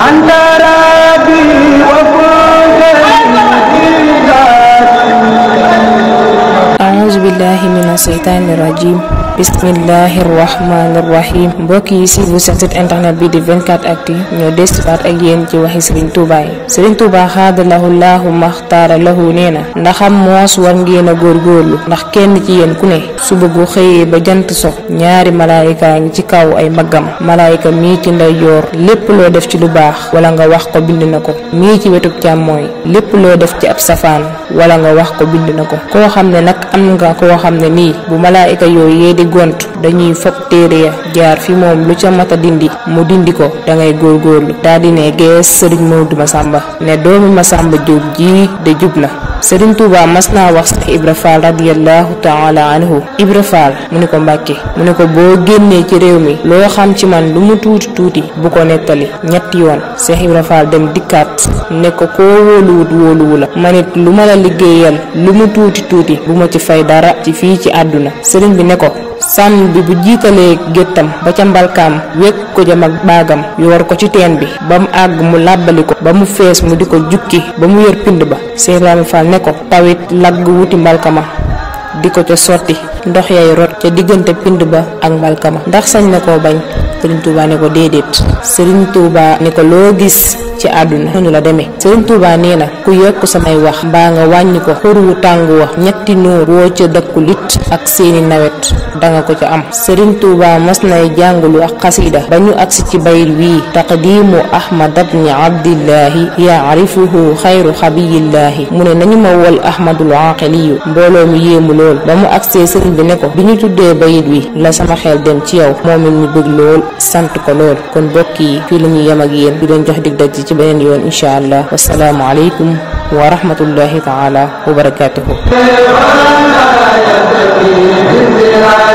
أنت ربي وكنت أعوذ بالله من الشيطان الرجيم bismillahi rahmaani rahim mbokk yi si vous seen site internet bi di 24 actu ñoo desiwaat ak yéen ci waxi Serigne Touba yi Serigne Touba xaadalahu laahu lahu nee na ndaxam moos war ngeen a góorgóorlu ndax kenn ci yéen ku ne suba bu xëyee ba jant so ñaari malaayika ngi ci kaw ay maggam malaayika mii ci ndeyjoor lépp loo def ci lu baax wala nga wax ko bind na ko mii ci wetub càmmooy lépp loo def ci ab safaan wala nga wax ko bind na ko koo xam ne nag am nga koo xam ne nii bu gont dañuy fob téere ya jaar fi moom lu ca mat a dindi mu dindi ko dangay góorgóorlu daldi ne gees sëriñ ma Masamba ne doomi Masamba Jóob ji de jub na sëriñ Tuuba mas naa wax sax Ibra Faal radiyallahu taala anhu Ibra Faal mu ne ko Mbàkke mu ne ko boo génnee ci réew mi loo xam ci man lu mu tuuti tuuti bu ko nettali ñetti yoon Seex Ibra Faal dem dikkaat ne ko koo wóoluwut wóoluwu la man it lu ma la liggéeyal lu mu tuuti tuuti bu ma ci fay dara ci fii ci àdduna sëriñ bi ne ko buur bi bu jiitalee géttam ba ca mbalkaam wékk ko jëm ak baagam yor ko ci teen bi ba mu àgg mu làbbali ko ba mu fees mu di ko jukki ba mu yor pind ba Cheikh Ibrahima Fall ne ko tawit lagg wuti mbalkama di ko ca sotti ndox yay rot ca diggante pind ba ak mbalkama ndax sañ na koo bañ Serigne Touba ne ko déedéet Serigne Touba ne ko loo gis ci àdduna noonu la demee Sëriñ Tuubaa nee na ku yokk samay wax mbaa nga wàññi ko xur wu tàng wa ñetti nóor woo ca dëkkul it ak seeni nawet danga ko ca am Sëriñ Tuubaa mas nay jàngulu ak xasida ba ñu agsi ci bayit wii taqdiimu ahmad abni abdillaahi yaarifuhu xayru xabiyillaahi mu ne nañu ma wol ahmadul aqiliyu mbooloo mi yéemu lool ba mu agsee sëriñ bi ne ko bi ñu tuddee bayit wi la sama xel dem ci yow moom it ñu bëgg lool sant ko lool kon bokk yi fii la ñuy yem ak yéen di leen jox dig daj ci beneen yoon incha allah wasalaamu aleykum wa rahmatullahi taala wa barakaatuhu